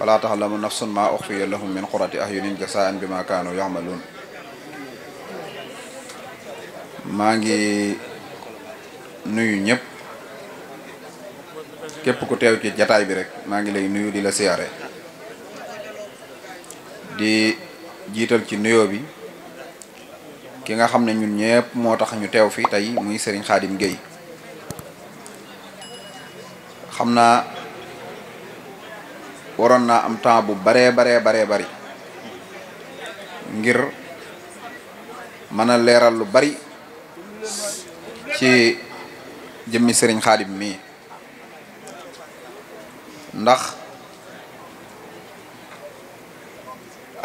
wala taxlamu nafsun ma uxfiya lahum min qurati ahyunin jasaan bi ma kaanu yaxmaluun maa ngi nuyu ñëpp képp ku teew ci jataay bi rek maa ngi lay nuyu di la siyaare di jiital ci nuyo bi ki nga xam ne ñun ñëpp moo tax ñu teew fi tey muy Serigne Khadim Gueye xam naa waroon naa am temps bu baree baree baree bari ngir mën a leeral lu bari ci jëmmi sëriñ Xaadim mii ndax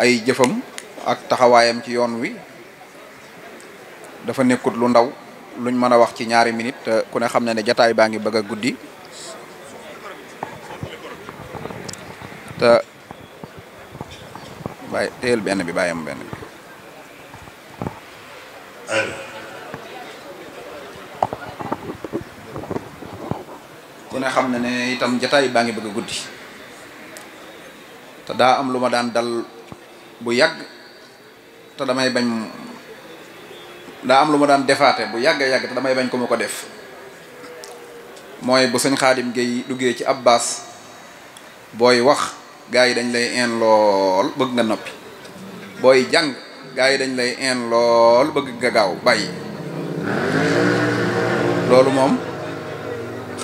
ay jëfam ak taxawaayam ci yoon wi dafa nekkut lu ndaw luñ mën a wax ci ñaari minit ku ne xam na ne jataay baa ngi bëgg guddi te euh, bàyyi benn bi bàyyi am benn bi ku ne xam ne ne itam jataay baa ngi bëgg a guddi te daa am lu ma daan dal bu yàgg te damay bañ daa am lu ma daan defaate bu yàgg yàgg te damay bañ ko ma ko def mooy bu sëñ Xaadim Géey duggee ci Abbas booy wax gaa yi dañ lay een lool bëgg nga noppi booy jàng gaa yi dañ lay een lool bëgg nga gaaw bàyyi loolu moom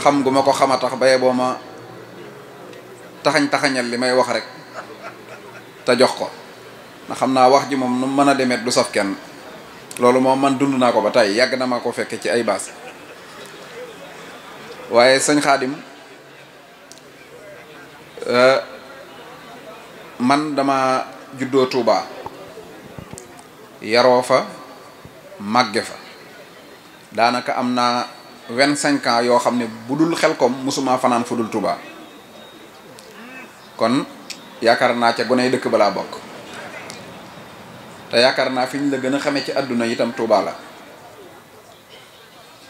xam gu ma ko xama tax baye boo ma taxañ-taxañal li may wax rek te jox ko na xam naa wax ji moom nu mën a demet du saf kenn loolu moom man dund naa ko ba tey yàgg na ma ko fekke ci ay baas waaye sëñ Xaadim euh, man dama juddoo Touba yaroo fa màgge fa daanaka am na vingt-cinq ans yoo xam ne bu dul xel Xelkom mosuma fanaan fu dul Touba kon yaakaar naa ca goney dëkk balaa bokk te yaakaar naa fi ñu la gën a xamee ci àdduna itam Touba la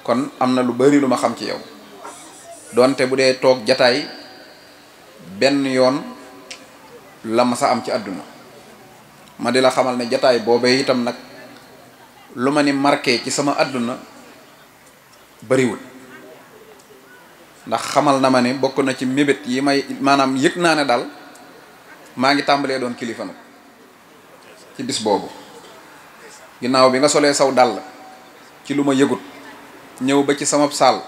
kon am na lu bari lu ma xam ci yow donte bu dee toog jataay benn yoon la ma sa am ci àdduna ma di la xamal ne jataay boobee itam nag lu ma ni marke ci sama àdduna bariwul ndax xamal na ma ne bokk na ci mébét yi may maanaam yëg naa ne daal maa ngi tàmbalee doon kilifa nag ci bis boobu ginnaaw bi nga solee saw dàll ci lu ma yëgut ñëw ba ci sama saal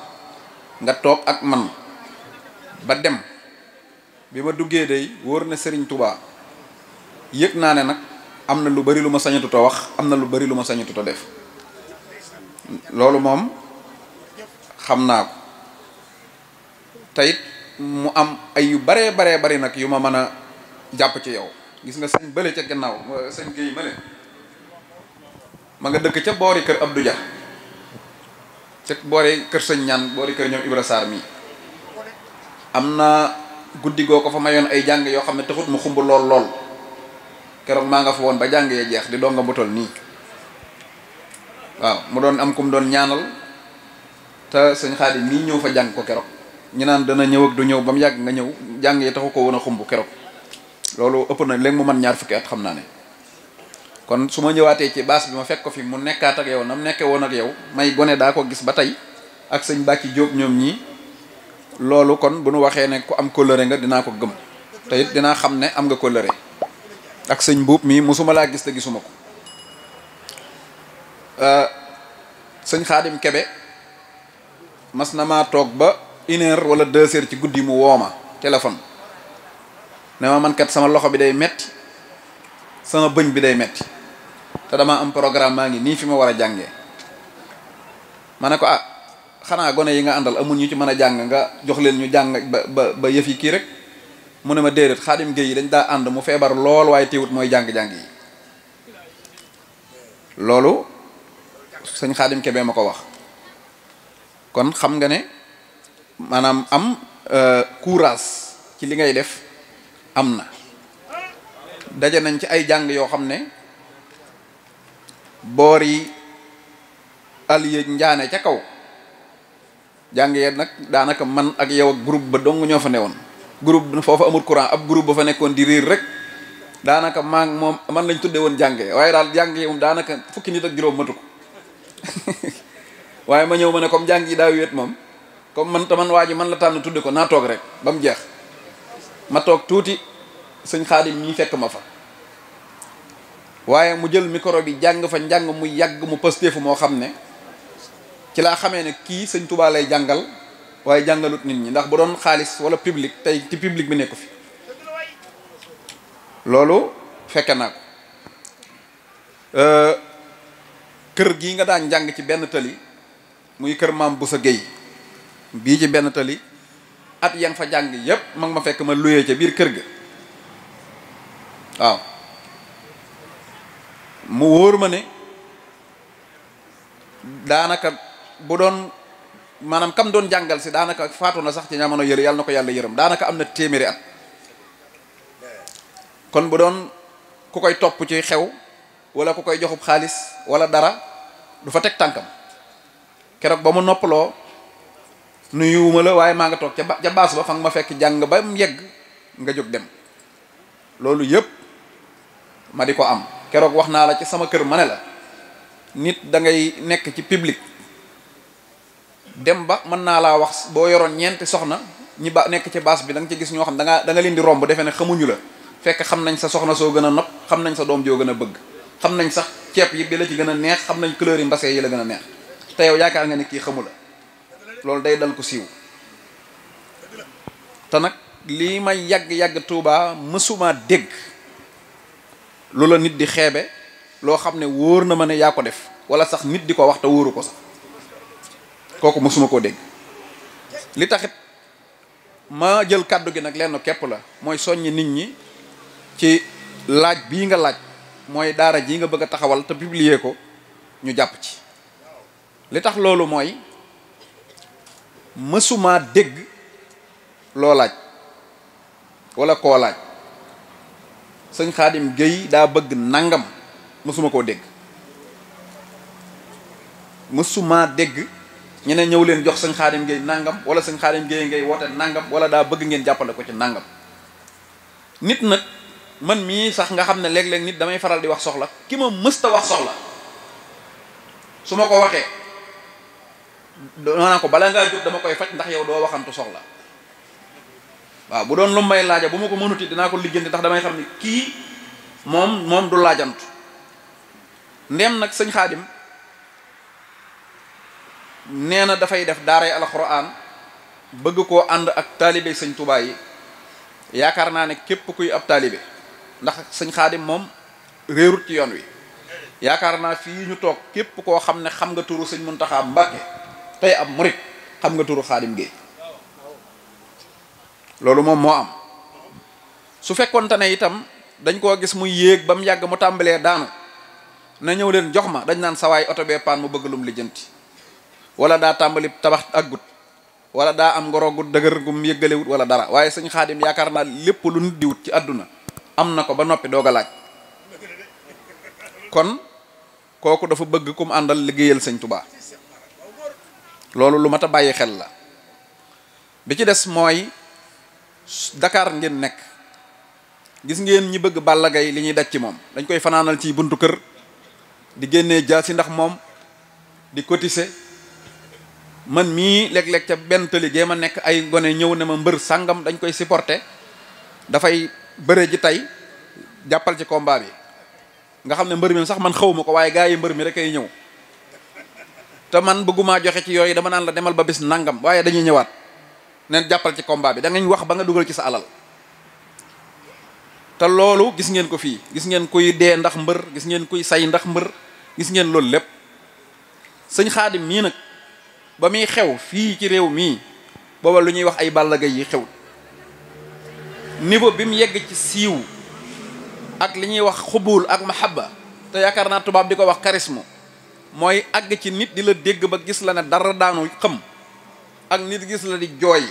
nga toog ak man ba dem bi ma duggee day wóor na Serigne Touba yëg naa ne nag am na lu bari lu ma sañatuta wax am na lu bari lu ma sañatuta def loolu moom xam naa ko teyit mu am ay yu baree baree bari nag yu ma mën a jàpp ci yow gis nga sëñ bële ca gannaaw sëñ Guèye mële ma nga dëkk ca boori kër Abdou Dia ca boori kër sëñ ñaan boori kër ñoom Ibra Sarr mi am na guddi goo ko fa mayoon ay jàng yoo xam ne taxut mu xumb lool lool keroog maa nga fa woon ba jàng ya jeex di doo nga bu tol nii waaw mu doon am kum doon ñaanal te sëñ Xaadim nii ñëw fa jàng ko keroog ñu naan dana ñëw ak du ñëw ba mu yàgg nga ñëw jàng ya taxu ko woon a xumb keroog loolu ëpp na léegi mu man ñaar fukki at xam naa ne kon su ma ñëwaatee ci baas bi ma fekk ko fi mu nekkaat ak yow nam nekkee woon ak yow may gone daa ko gis ba tey ak sëñ Bàcci Jóob ñoom ñii loolu kon bu nu waxee ne ku am kóllëre nga dinaa ko gëm te it xam ne am nga kóllëre ak sëñ mbuub mii mosuma laa gis te gisuma ko euh, sëñ xaadim kebe mas na maa toog ba une heure wala deux heures ci guddi mu wooma téléphone ne ma man kat sama loxo bi day metti sama bëñ bi day metti te dama am programme maa ngi nii fi ma war a jàngee ma ne ko ah xanaa gone yi nga àndal amul ñu ci mën a jàng nga jox leen ñu jàng ba ba ba yëf yi kii rek mu ne ma déedéet xaadim géey yi dañ daa ànd mu feebar lool waaye teewut mooy jàng-jàng yi loolu sëñ xaadim kebe ma ko wax kon xam nga ne maanaam am euh, courage ci li ngay def am na daje nañ ci ay jàng yoo xam ne boor yi aliyéej njaane ca kaw jàng yee nag daanaka man ak yow ak groupe ba dong ñoo fa newoon group foofa amul courant ab groupe ba fa nekkoon di riir rek daanaka maa moom man lañ tuddee woon jànge waaye daal jàng yi moom daanaka fukki nit ak juróom ko waaye ma ñëw ma ne comme jàng yi daa wéet moom comme man te man waa ji man la tànn tudde ko naa toog rek ba mu jeex ma toog tuuti sëñ xaadim mi fekk ma fa waaye mu jël micro bi jàng fa njàng mu yàgg mu posté fu moo xam ne ci laa xamee ne kii sëñ Touba lay jàngal waaye jàngalut nit ñi ndax bu doon xaalis wala public tey ci public bi nekku fi loolu fekke naa ko euh, kër gii nga daan jàng ci benn tali muy kër maam Boussa Gueye bii ci benn tali at ya nga fa jàng yépp mag ma fekk ma luyee ca biir kër ga waaw mu wóor ma ne daanaka bu doon maanaam kam doon jàngal si daanaka faatu na sax ci jamono yële yàlla na ko yàlla yërëm daanaka am na téeméeri bu doon ku koy topp ci xew wala ku koy joxub xaalis wala dara du fa teg tànkam keroog ba mu noppaloo nuyuwuma la waaye maa nga toog ca ba ca baas ba fa ma fekk jàng ba mu yegg nga jóg dem loolu yëpp ma di ko am keroog wax naa la ci sama kër ma ne la nit dangay nekk ci public. dem ba mën naa laa wax boo yoroon ñeenti soxna ñi ba nekk ci baas bi danga ci gis ñoo xam da danga da leen di romb defee ne xamuñu la fekk xam nañ sa soxna soo gën a nag xam nañ sa doom joo gën a bëgg xam nañ sax ceeb yi bi la ci gën a neex xam nañ couleur yi mbase yi la gën a neex te yow yaakaar nga ne kii xamu la loolu day dal ko siiw te nag lii may yàgg-yàgg Tuubaa mësuma dégg lu la nit di xeebe loo xam ne wóor na ma ne yaa ko def wala sax nit di ko wax te wóoru ko sax kooku mësuma koo dégg li taxit ma jël kàddu gi nag lenn képp la mooy soññi nit ñi ci laaj bii nga laaj mooy daara ji nga bëgg a taxawal te publier ko ñu jàpp ci li tax loolu mooy mësumaa dégg loo laaj wala koo laaj sëñ Xaadim Géy daa bëgg nangam mësuma koo dégg mësumaa dégg ñu ne ñëw leen jox sëñ xaadim ngay nangam wala sëñ xaadim ngay ngay woote nangam wala daa bëgg ngeen jàppale ko ci nangam nit nag man mii sax nga xam ne léeg-léeg nit damay faral di wax soxla ki ma mësta wax soxla su ma ko waxee maanaam ko balaa ngaa jóg dama koy faj ndax yow doo waxantu soxla waaw bu doon lu may laaja bu ma ko mënuti dinaa ko liggéeyante ndax damay xam ne kii moom moom du laajant ndem nag sëñ xaadim nee na dafay def daaray alxuraan bëgg koo ànd ak taalibe sëñ Tuubaa yaakaar naa ne képp kuy ab taalibe ndax sëñ Xaadim moom réerut ci yoon wi yaakaar naa fii ñu toog képp koo xam ne xam nga turu sëñ Muntaxa Mbàkke tey ab murit xam nga turu Xaadim Géey loolu moom moo am su fekkonte ne itam dañ koo gis muy yéeg ba mu yàgg mu tàmbalee daanu na ñëw leen jox ma dañ naan sawaay oto bee paan mu bëgg lum lijjanti wala daa tàmbali tabax ak aggut wala daa am ngoro gu dëgër gum yëggalewut wala dara waaye sëñ xaadim yaakaar naa lépp lu nit di wut ci àdduna am na ko ba noppi doog a kon kooku dafa bëgg kum àndal liggéeyal sañ tubaa loolu lu mat a bàyyi xel la bi ci des mooy dakaar ngeen nekk gis ngeen ñi bëgg Balla Gaye li ñuy daj ci moom dañ koy fanaanal ci buntu kër di génnee jaasi ndax moom di cotiser man mii léeg-léeg ca benn tëli gee ma nekk ay gone ñëw ne ma mbër sàngam dañ koy supporter dafay bëre ji tey jàppal ci komba bi nga xam ne mbër mi sax man xawuma ko waaye gars yi mbër mi rek ay ñëw te man bëggumaa joxe ci yooyu dama naan la demal ba bis nangam waaye dañuy ñëwaat neen jàppal ci combat bi da ngañ wax ba nga dugal ci sa alal te loolu gis ngeen ko fii gis ngeen kuy dee ndax mbër gis ngeen kuy say ndax mbër gis ngeen loolu lépp sëñ xaadim mii nag ba muy xew fii ci réew mii booba lu ñuy wax ay Balla Gaye yi xew niveau bi mu yegg ci siiw ak li ñuy wax xubul ak mahabba te yaakaar naa tubaab di ko wax charisme mooy àgg ci nit di la dégg ba gis la ne dara daanu xam ak nit gis la di jooy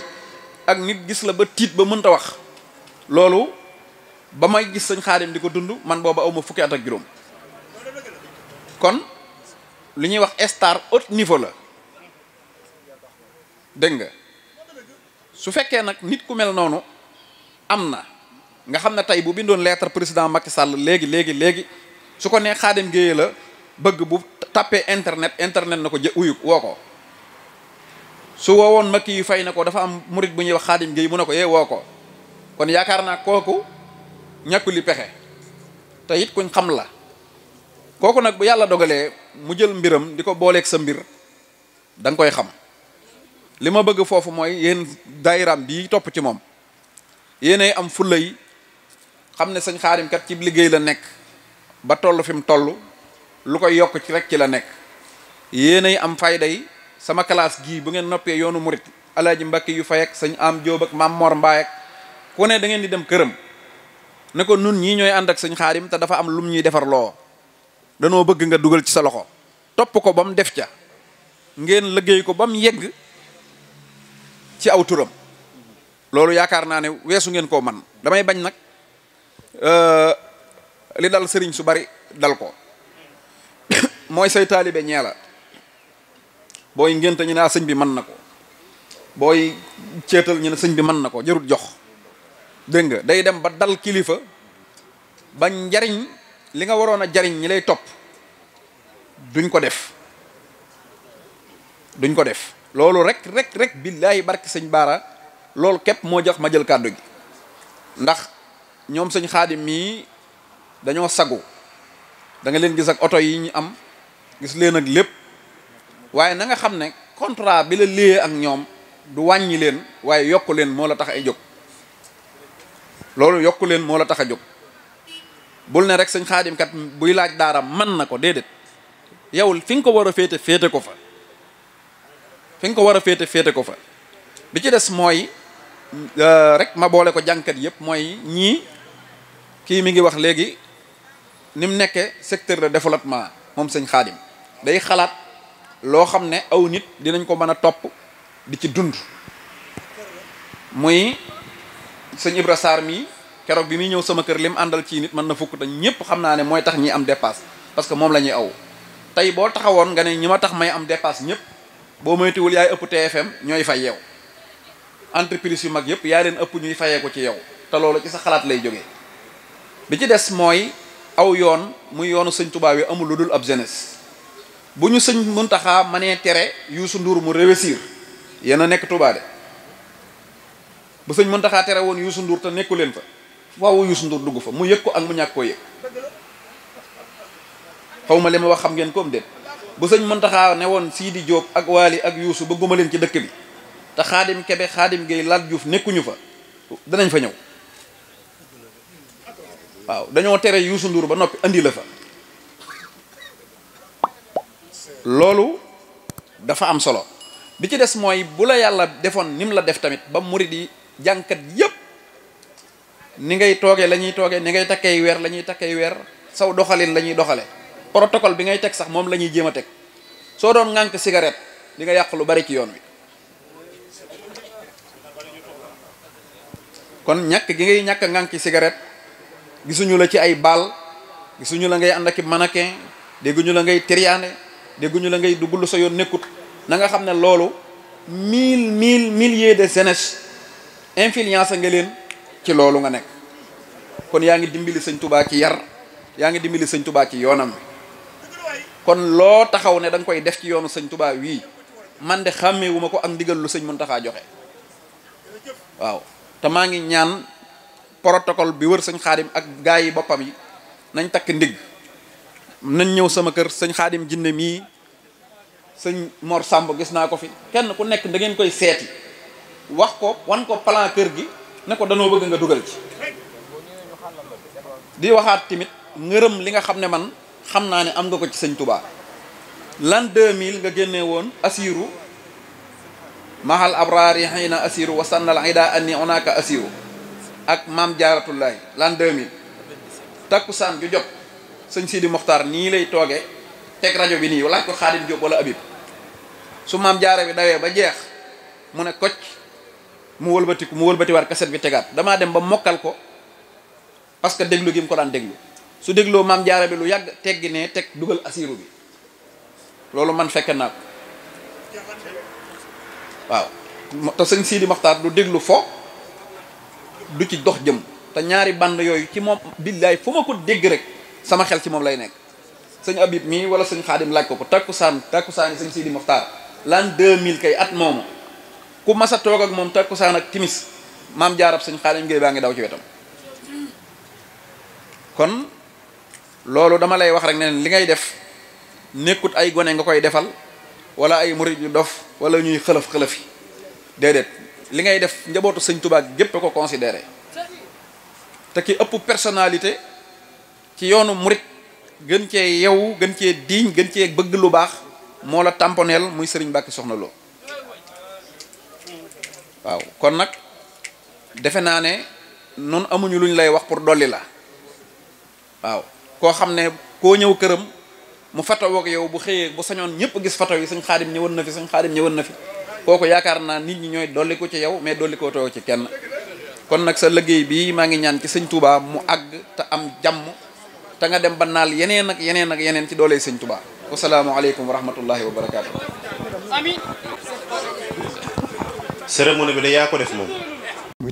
ak nit gis la ba tiit ba mënta wax loolu ba may gis sëñ xaadim di ko dund man booba awma fukki at ak juróom kon li ñuy wax star haut niveau la dégg nga su fekkee nag nit ku mel noonu am na nga xam ne tey bu bindoon lettre président Macky Sall léegi léegi léegi su ko nee Khadim géey la bëgg bu tapé internet internet na ko jë uyu woo ko su woowoon Macky yu fay na ko dafa am murit bu ñuy wax Khadim Gueye mu ne ko yee woo ko kon yaakaar naa kooku ñàkku pexe te it kuñ xam la kooku nag bu yàlla dogalee mu jël mbiram di ko booleeg sa mbir da koy xam li ma bëgg foofu mooy yéen dayram bii topp ci moom yéenay am fulla yi xam ne sëñ xaarim kat ci liggéey la nekk ba toll fi mu toll lu koy yokk ci rek ci la nekk yéenay am fayda yi sama kalaas gii bu ngeen noppee yoonu murit alaaji mbakki yu fay ak sëñ am jóob ak maam mor mbaay ak ku ne da ngeen di dem këram ne ko nun ñii ñooy ànd ak sañ xaarim te dafa am lum ñuy defar loo danoo bëgg nga dugal ci sa loxo topp ko ba mu def ca ngeen liggéey ko ba mu yegg ci aw turam loolu yaakaar naa ne weesu ngeen koo man damay bañ nag euh, li dal sëriñ su bari dal ko mooy say taalibe ñee la booy ngénte ñu ne ah sëñ bi mën na ko booy ceetal ñu ne sëñ bi mën na ko jarut jox dégg nga day dem ba dal kilifa ba njariñ li nga waroon a jariñ ñi lay topp duñ ko def duñ ko def loolu rek rek rek billaahi barke sëñ baara loolu képp moo jox ma jël kàddu gi ndax ñoom sëñ xaadim mii dañoo sagu danga leen gis ak oto yi ñu am gis leen ak lépp waaye nanga xam ne contrat bi la léyee ak ñoom du wàññi leen waaye yokku leen moo la tax ay jóg loolu yokku leen moo la tax a jóg bul ne rek sëñ xaadim kat buy laaj daara man na ko déedéet yow fi nga ko war a féete féete ko fa fi nga ko war a féete féete ko fa bi ci des mooy euh, rek ma boole ko jànkat yëpp mooy ñii kii mi ngi wax léegi ni mu nekkee secteur de développement moom sëñ Xaadim day xalaat loo xam ne aw nit dinañ ko mën a topp di ci dund muy sëñ Ibra Sarr mii keroog bi muy ñëw sama kër lim àndal ci nit mën na fukk te ñëpp xam naa ne mooy tax ñi am dépasse parce que moom la ñuy aw tey boo taxawoon nga ne ñi ma tax may am dépasse ñëpp boo moytuwul yaay ëpp TFM ñooy fay yow entreprise yu mag yëpp yaa leen ëpp ñuy fayee ko ci yow te loolu ci sa xalaat lay jóge bi ci des mooy aw yoon mu yoonu sëñ tubaab yi amul lu dul ab jeunesse bu ñu sëñ Muntaxaa mënee tere Yuusu Nduur mu réussir yéen a nekk tubaab de bu sëñ Muntaxaa tere woon Yuusu Nduur te nekku leen fa waaw Yuusu Nduur dugg fa mu yëg ko ak mu ñàkk koo yëg xaw ma li ma wax xam ngeen koom dem bu sëñ Muntaxa ne woon sii di Diop ak Waly ak Youssou ba guma leen ci dëkk bi te xaadim Kebe xaadim Gueye Lat Diouf nekkuñu fa danañ fa ñëw waaw dañoo tere yuusu Ndour ba noppi andi la fa loolu dafa am solo bi ci des mooy bu la yàlla defoon ni mu la def tamit ba murid yi jànkat yépp ni ngay toogee la ñuy toogee ni ngay takkee weer la ñuy takkee weer saw doxalin la ñuy doxale protocole bi ngay teg sax moom la ñuy jéem a teg soo doon ŋànk cigarette di nga yàq lu bari ci yoon wi kon ñakk gi ngay ñàkk ŋànk ci cigarette gisuñu la ci ay baal gisuñu la ngay ànd ak manakin dégguñu la ngay triyaane dégguñu la ngay dugg sa yoon nekkut na nga xam ne loolu mille mille milliers de jeunesse influence nga leen ci loolu nga nekk kon yaa ngi dimbili sañ tubaa ci yar yaa ngi dimbali sañ tubaa ci yoonam bi kon loo taxaw ne da koy def ci yoonu sëñ Tuubaa wii man de xàmmewuma ko ak ndigal lu sëñ Muntaxaa joxe waaw te maa ngi ñaan protocole bi wër sëñ xaadim ak gaa yi boppam yi nañ takk ndigg nañ ñëw sama kër sëñ xaadim jinne mii sëñ Mor Samb gis naa ko fi kenn ku nekk da ngeen koy seeti wax ko wan ko plan kër gi ne ko danoo bëgg nga dugal ci di waxaat timit ngërëm li nga xam ne man xam naa ne am nga ko ci sëñ Touba l'an 2000 nga génnee woon asiru mahal abrari xiina asiru wasannal ida anni onaka asiru ak maam jaaratullaay l'an 2000 takkusaan ju jot sëñ Sidi Mokhtar nii lay tooge teg rajo bi nii laaj ko Xaadim Jóob wala Abib su maam jaara bi dawee ba jeex mu ne koc mu wëlbatiku mu wëlbatiwaat set bi tegaat damaa dem ba mokkal ko parce que déglu gi mu ko daan déglu su dégloo maam jaara bi lu yàgg teggi ne teg dugal asiru bi loolu man fekke naa ko waaw te sëñ Sidi Maxtaar du déglu fo du ci dox jëm te ñaari band yooyu ci moom billaay fu ma ko dégg rek sama xel ci moom lay nekk sëñ Abib mii wala sëñ Xaadim laaj ko ko takkusaan takkusaani sëñ Sidi Maxtaar l'an 2000 kay at moomu ku mas a toog ak moom takkusaan ak timis maam jaarab sëñ Xaadim Géey baa ngi daw ci wetam kon loolu dama lay wax rek ne li ngay def nekkut ay gone nga koy defal wala ay murit yu dof wala ñuy xëlëf xëlëfi déedéet li ngay def njabootu sëñ Tuubaa gépp ko considéré te ki ëpp personnalité ci yoonu murit gën cee yew gën cee diiñ gën cee bëgg lu baax moo la tamponeel muy sëriñ Mbàkke Soxna waaw kon nag defe naa ne noonu amuñu luñ lay wax pour dolli la waaw koo xam ne koo ñëw këram mu fatawoo ak yow bu xëyee bu sañoon ñëpp gis fataw yi sëñ xaadim ñëwoon na fi sëñ xaadim ñëwoon na fi kooku yaakaar naa nit ñi ñooy dolli ci yow mais dolli ko too ci kenn kon nag sa liggéey bii maa ngi ñaan ci sañ Touba mu àgg te am jàmm te nga dem ba naal yeneen ak yeneen ak yeneen ci doole sëñ tubaa wasalaamualeykum wa rahmatullahi wa barakaatu. amiin. cérémonie bi de yaa ko def moom. muy